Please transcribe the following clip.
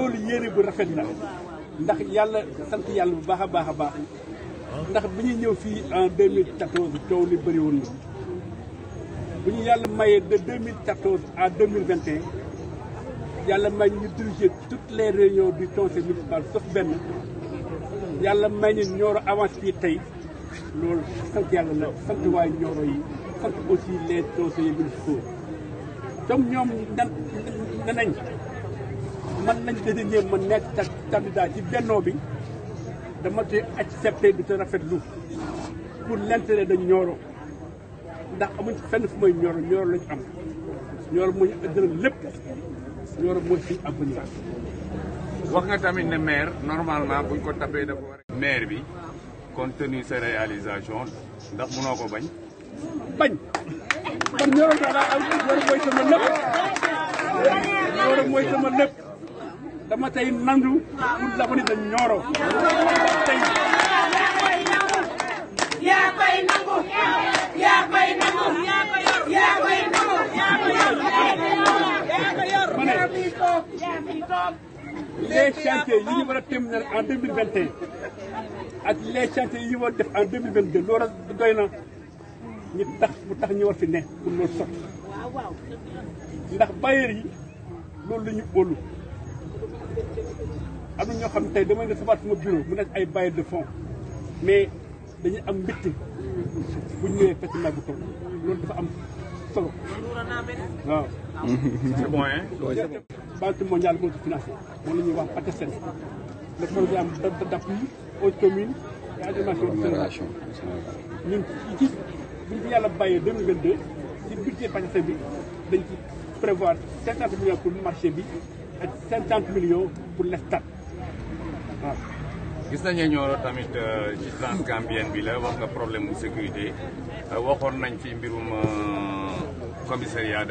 loolu yéene bu rafet na ndax yàlla sant yàlla bu baax a baax a baax ndax bi ñu ñëw fii en 2014 coow li bëri ñu yàlla mayee de 2014 à 2021 yàlla may ñu diriger toutes les réunions du conseil municipal benn yàlla may ñu Nioro avance fii tey loolu sant yàlla la sant waay Nioro yi sant aussi les conseillers municipaux comme ñoom nan man lañ désigné ma nekk candidat ci bennoo bi dama koy accepté bi te rafetlu pour l'intérêt de Nioro ndax amuñ fenn fu may Nioro Nioro lañ am Nioro mooy dërëm wax nga tamit ne maire normalement buñ ko tapee dafa bi compte tenu sa réalisation ndax mënoo ko bañ sama lépp Nioro mooy sama lépp dama tey nandu pour la ko ni de Nioro tey yaa koy nangu yaa koy nangu yaa koy nangu yaa koy nangu les chantiers yi ñu war a terminer en 2021 ak les chantiers yi ñu war a def en 2022 loolu doy na ñu tax mu tax ñu war fi ne pour loolu sotti ndax bailleurs yi loolu la ñu óolu am ñoo xam ne tey damay recevoir sama bureau mu nekk ay de fonds mais dañuy am bu ñu ñëwee loolu dafa am solo. c'est bon hein. banque mondiale moo ci financé moom wax le programme d'appui aux communes et animation marchés. ñun ci ñu 2022 ci budget bi dañ ci prévoir millions pour le marché bi ak 50 millions pour l'État gis nañu Nioro tamit euh, ci transgambienne bi la wax nga problème mu sécurité euh, waxoon nañ fi mbirum euh, commissariat.